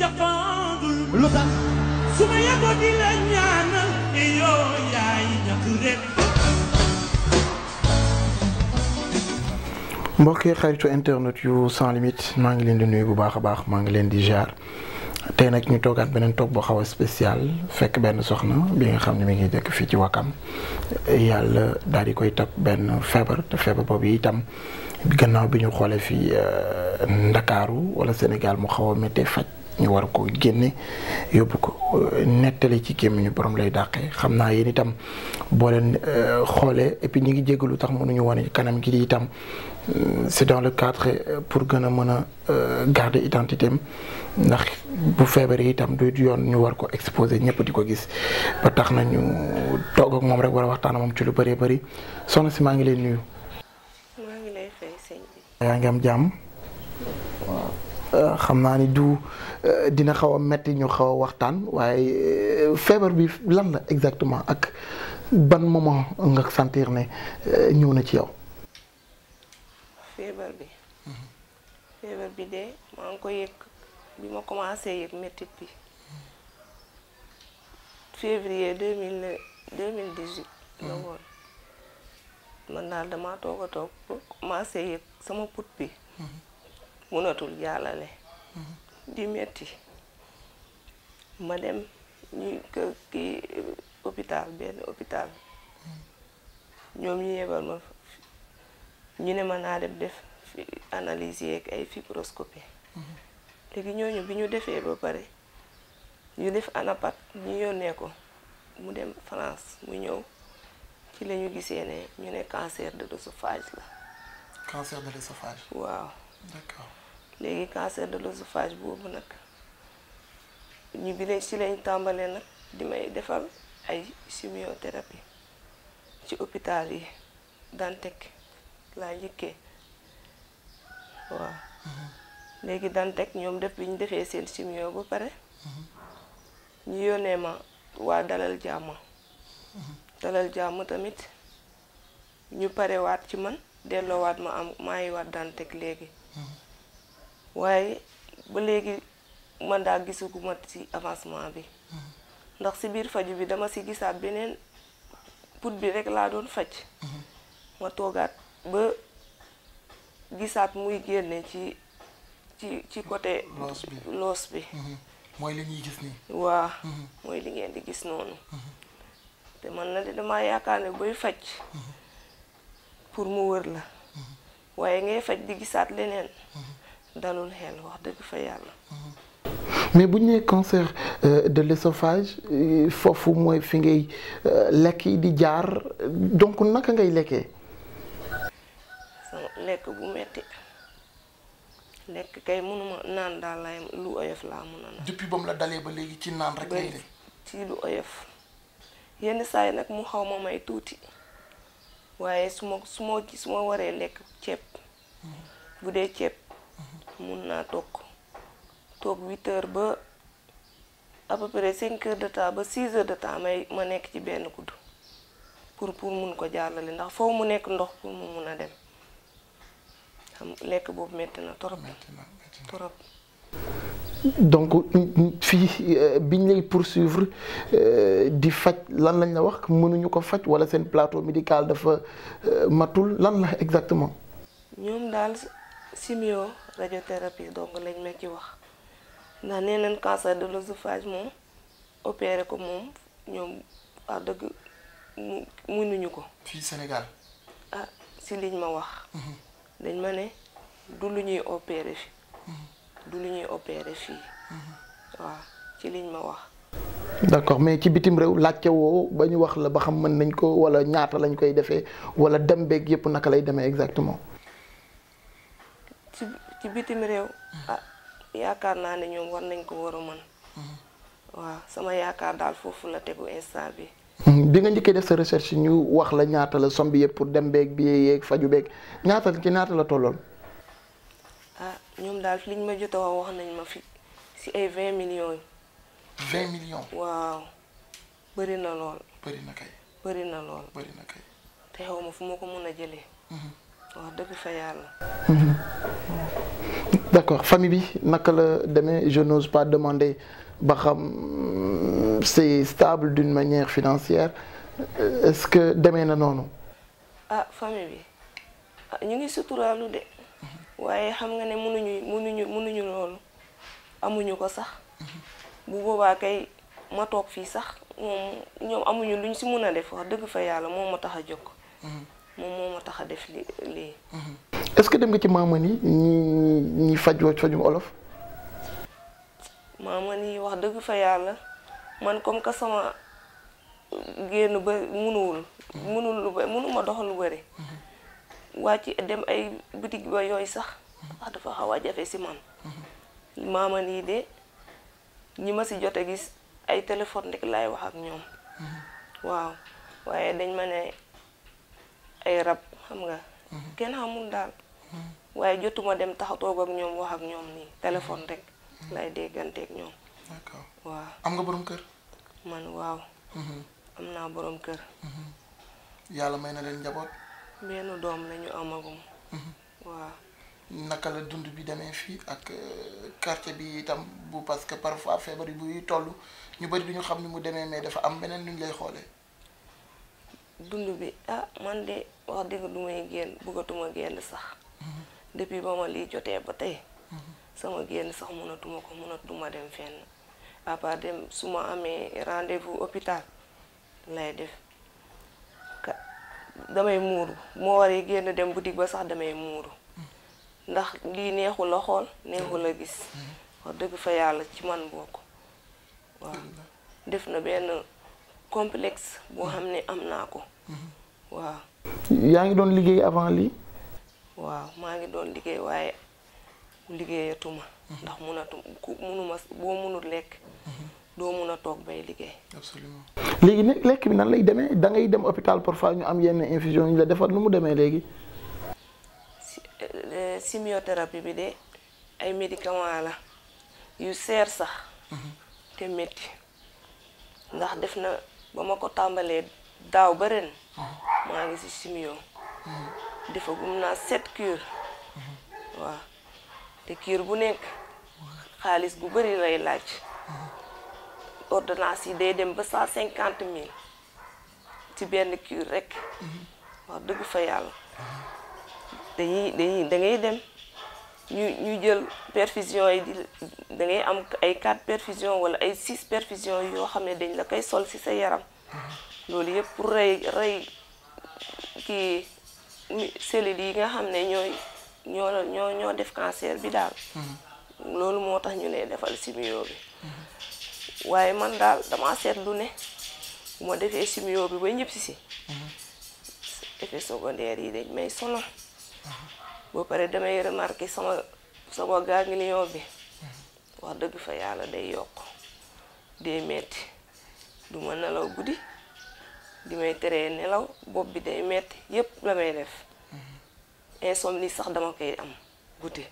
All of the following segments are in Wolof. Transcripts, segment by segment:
jàppandul su ma yeboo di la ñaanal ni yaay ñàkk rek mbokki xaritu internet yu sans limite maa ngi leen di nuyu bu baax a baax maa ngi leen di jaar tey nag ñu toogaat beneen toog bu xaw a spécial fekk benn soxna bi nga xam ne mi ngi dëkk fii ci Wakam yàlla daal di koy tab benn feebar te feebar boobu itam gannaaw bi ñu xoolee fii euh, Ndakaaru wala Sénégal mu xaw a méttee faj ñu war ko génne yóbbu ko euh, nettali ci gémmiñu borom lay dàqee xam naa yéen itam boo leen euh, xoolee et puis ñi ngi lu tax mënuñu wane kanam gi itam euh, c'est dans le cadre pour gën a mën a garder identité am ndax bu feebaree itam du yoon ñu war ko exposé ñëpp di ko gis ba tax na ñu toog moom rek war a waxtaan ci lu bëree bëri soxna si maa ngi leen nuyu. maa ngi lay fay sëñ yaa ngi am jàmm. Euh, xam naa ni du euh, dina xaw a metti ñu xaw a waxtaan waaye euh, feebar bi lan la exactement ak ban moment nga sentir ne ñëw na ci yow. feebar bi. feebar bi de maa ngi ko yëg bi ma commencé yëg métit bi février deux mille deux huit la hmm. woon man daal damaa toog a toog yëg sama put bi. Hmm. mënatul jàllale di metti ma dem ñu ki kii hôpital benn hôpital ñoom ñu yebal ma ñu ne ma naa def def analyse yeeg ay fibroscopie léegi ñooñu bi ñu defee ba pare ñu def anapat ñu yónnee ko mu dem France mu ñëw ci lañu ñu gisee ne ñu ne cancer de l'œsophage la cancer de l'œsophage waaw d'accord léegi cancer de l'œsophage boobu nag ñu bi lañ si lañ tàmbalee nag di may defal ay chimiothérapie ci hôpital yi Dantec laa njëkkee waaw mm-hmm. léegi teg ñoom def bi ñu defee seen chimio ba pare mm-hmm. ñu yónnee ma waa dalal jàmm mm-hmm. dalal jàmm tamit ñu parewaat ci man delloowaat ma am maa ngi waat Dantec léegi Mm-hmm. waaye ba léegi man daa gisuguma ci avancement bi mm-hmm. ndax ci biir faju bi dama ci gisaat beneen put bi rek laa doon faj mm-hmm. ma toogaat ba gisaat muy génne ci ci ci côté loos bi li waa mooy li ngeen di gis noonu te man na de damaa yaakaar ne buy faj pour mu wër la waaye ngay faj di gisaat leneen dalul xel wax dëgg fa yàlla mais bu ñu nee cancer euh, de l'œsophage euh, foofu mooy fi ngay euh, lekk yi di jaar donc naka ngay lekke sama lekk bu metti lekk kay mënuma naan daal lay lu oyof laa mun a naan depuis ba mu la dalee ba léegi ci naan rek ngay ci lu oyof yenn saay nag mu xaw ma may tuuti waaye su ma su ma su ma waree lekk ceeb bu dee ceeb mun naa toog toog huit heures ba à peu près cinq heures de temps ba six heures de temps may ma nekk ci benn kuddu pour pour mun ko jàllale ndax foofu mu nekk ndox pour mu mun a dem xam lekk boobu metti na torop torop donc fii euh, biñ lay poursuivre euh, di faj lan lañ la wax mënuñu ko faj walla seen plateau médical dafa euh, matul lan la exactement. ñoom daal simio radiothérapie donc lañ ma ci wax ndax nee nañ cancer de l'œsophage moom opéré ko moom ñoom wax dëgg mu mënuñu ko. fii Sénégal. ah si liñ ma wax. Mhm. dañ ma ne du lu ñuy opéré du lu ñuy opérer fii uh-huh. waaw ci liñ ma wax d'accord mais ci bitim réew laajte woo ba ñu wax la ba xam mën nañ ko wala ñaata lañ koy defee wala dem beeg yépp naka lay demee exactement ci bitim réew uh-huh. ah yaakaar naa ne ñoom war nañ ko war a mën uh-huh. waaw sama yaakaar daal foofu la tegu instant bi hmm, bi nga njëkkee def sa recherche ñu wax la ñaata la somme bi yëpp pour dem beeg bi yéeg faju beeg ñaata ci ñaata la tolloon ñoom daal liñ ma jot a wax nañ ma fi si ay vingt millions yi. vingt millions. waaw bëri na lool. bëri na kay. lool. te xaw ma fu ma ko mën a jëlee. Mhm. wax dëgg fa yàlla. Mhm. d'accord famille bi naka la deme je n'ose pas demander ba xam euh, c'est stable d'une manière financière euh, est-ce que demee na noonu. ah famille bi ah, ñu ngi suturaalu de. waaye xam nga ne mënuñu mënuñu mënuñu loolu amuñu ko sax bu boobaa kay ma toog fii sax moom ñoom amuñu luñ si mën a def wax dëgg fa yàlla moom ma tax a jóg moom moo ma tax a def li lii est que dem nga ci maaman yi ñu ñi fajoo fajum olof maaman yi wax dëgg fa yàlla man comme que sama génn ba munuwul munul lu munuma dox lu bëri waa ci dem ay bitig ba yooyu sax wax dafa xaw a jafe si man maama nii de ñi ma si jot a gis ay téléphone rek laay wax ak ñoom waaw waaye dañ ma ne ay rab xam nga kenn xamul daal waaye jotuma dem tax toog ak ñoom wax ak ñoom nii téléphone rek laay dégganteeg ñoom waaw am nga borom kër man waaw mhm. am naa borom kër mhm. yàlla may na leen njaboot benn doom lañu amagum. Mhm. waaw. naka la dund bi demee fii ak euh, quartier bi itam bu parce que parfois feebar yi buy toll ñu bëri du ñu xam ni mu demee mais dafa am beneen lu ñu lay xoolee. dund bi ah man de wax dëgg du may génn bëggatuma génn sax. Mhm. depuis ba ma lii jotee ba tey. Mhm. sama génn sax mënatuma ko mënatuma dem fenn à part dem su ma amee rendez-vous hôpital lay def. damay muuru moo waree génn dem boutique ba sax damay muuru ndax lii neexul a xool neexul a gis wax dëgg fa yàlla ci man bokk waaw def na benn complex boo xam ne am naa ko waaw yaa ngi doon liggéey avant lii waaw maa ngi doon liggéey waaye liggéeyatuma ndax munatuma ku munuma boo munul lekk doo mun a toog bay liggéey. absolument. léegi nag lekk bi nan lay demee da ngay dem hôpital parfois ñu am yenn infusion ñu la defar nu mu demee léegi. Euh, chimiothérapie bi de ay médicament la yu seer sax. Mhm. te metti ndax def na ba ma ko tàmbalee daaw ba ren. Mhm. maa ngi si chimio. Mhm. dafa gum naa sept cure. waaw te cure bu nekk xaalis bu bari lay laaj. ordonnance yi day dem ba cent cinquante mille ci benn cure rek wax dëgg fa yàlla dañuy dañuy dangay dem ñu ñu jël perfusion yi di da ngay am ay quatre perfusion wala ay six perfusion yoo xam ne dañ la koy sol ci sa yaram loolu yëpp pour rey rey kii cellules yi nga xam ne ñooy ñoo ñoo ñoo def cancer bi daal hmm. loolu moo tax ñu ne defal simio bi waaye man daal damaa seetlu ne bu ma defee chimio bi ba ñëpp si si effet secondaire yi dañ may solo ba pare damay remarqué sama sama ganglion bi wax dëgg fa yàlla day yokk day metti du ma nelaw guddi di may teree nelaw bopp bi day metti yëpp la def def insomnie sax dama koy am guddi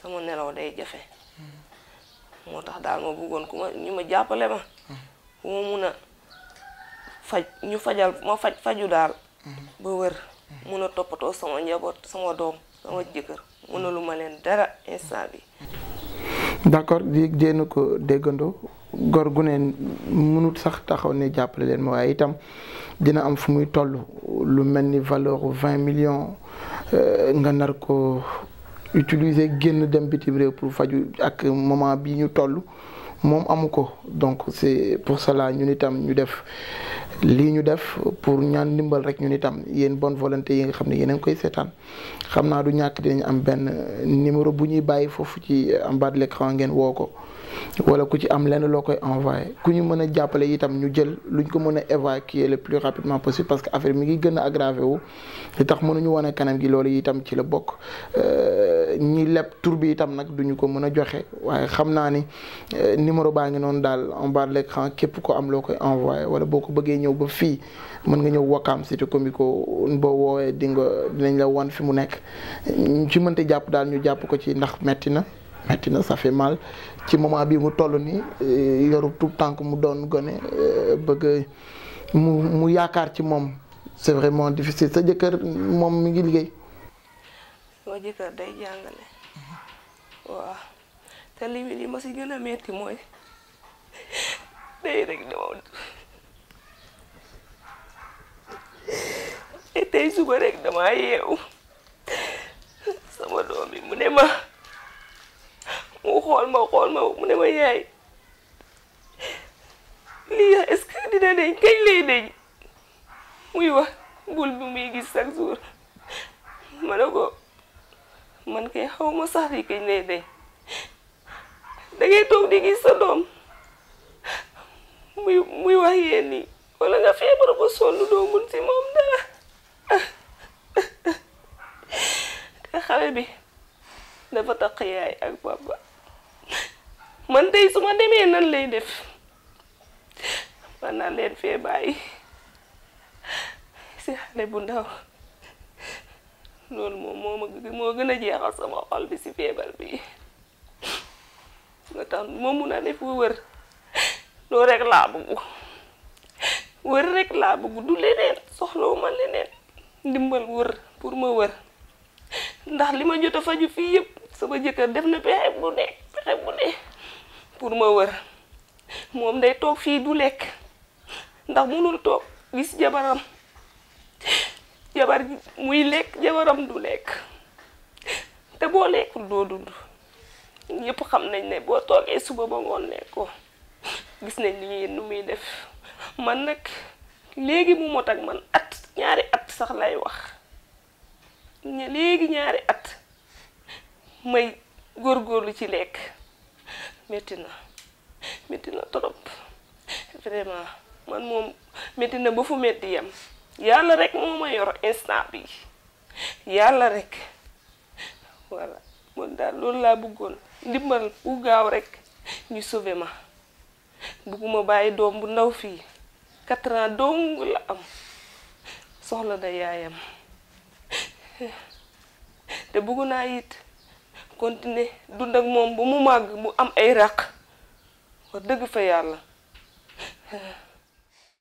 sama nelaw day jafe moo tax daal ma bëggoon ku ñu ma jàppale ma ku a faj ñu fajal ma faj faju daal mm-hmm. ba wër mm-hmm. mun a toppatoo sama njaboot sama doom sama jëkkër mënalu ma leen dara instant bi d'accord di dénn ko déggandoo gor gu ne mënut sax taxaw ne jàppale leen ma waaye itam dina am fu muy toll lu mel ni valeur vingt million euh, nga nar ko utiliser génn dem bitim réew pour faju ak moment bi ñu toll moom amu ko donc c'est pour cela ñun itam ñu def lii ñu def pour ñaan ndimbal rek ñun itam yéen bonne volonté yi nga xam ne yéen a ngi koy seetaan xam naa du ñàkk dinañ am benn numéro bu ñuy bàyyi foofu ci en bas de l'écran ngeen woo ko wala ku ci am lenn loo koy envoyé ku ñu mën a jàppale itam ñu jël luñ ko mën a évacuer le plus rapidement possible parce que affaire mi ngi gën a aggravé wu li tax mënuñu wane kanam gi loolu itam ci la bokk euh, ñi leb tour bi itam nag duñu ko mën a joxe waaye xam naa ni euh, numéro baa ngi noonu daal en képp ko am loo koy envoyé wala boo ko bëggee ñëw ba fii mën nga ñëw wakkaam Cité Comico boo woowee di nga dinañ la wan fi mu nekk ñu ci mënte jàpp daal ñu jàpp ko ci ndax metti na metti na ça fait mal ci moment bi mu toll ni eh, yoru tout tànk mu doon gone eh, bëgg mu mu yaakaar ci moom c'est vraiment difficile sa jëkkër moom mi ngi liggéey. sama jëkkër ma si gën a metti mooy day rek dama yeewu sama doom bi mu ne ma. mu xool ma xool ma mu ne ma yaay lii est-ce dina deñ kañ lay deñ muy wax bul bi muy gis chaque jour ma ne ko man kay xaw ma sax yi kañ lay deñ da toog di gis sa doom muy muy wax yéen nii wala nga feebar ko sonn doo mun si moom dara xale bi dafa taq yaay ak papa man tey su ma demee nan lay def man naa leen fee bàyyi si xale bu ndaw loolu moom moo ma gën a jeexal sama xol bi si feebar bi nga tax moom mun a def wër loolu rek laa bëgg wër rek laa bëgg du leneen soxlawuma leneen ndimbal wër pour ma wër ndax li ma jot faju fii yëpp sama jëkkër def na pexe bu ne pexe bu ne pour ma wër moom day toog fii du lekk ndax mënul toog gis jabaram jabar muy lekk jabaram du lekk te boo lekkul doo dund ñëpp xam nañ ne boo toogee suba ba ngoon lekkoo gis nañ li ñuy nu muy def man nag léegi mu mot ak man at ñaari at sax lay wax léegi ñaari at may góor góorgóorlu ci lekk métti na métti na trop vraiment man moom métti na ba fu métti yem yàlla rekk moo ma yor instant bi yàlla rekk voilà man daal loolu laa bëggoon ndimbal bu gaaw rekk ñu sauver ma bëgguma bàyyi doom bu ndaw fii quatre ans dong la am soxla na yaayam te bëggu naa it continuer dund ak moom bu mu màgg mu am ay raq wax dëgg fa yàlla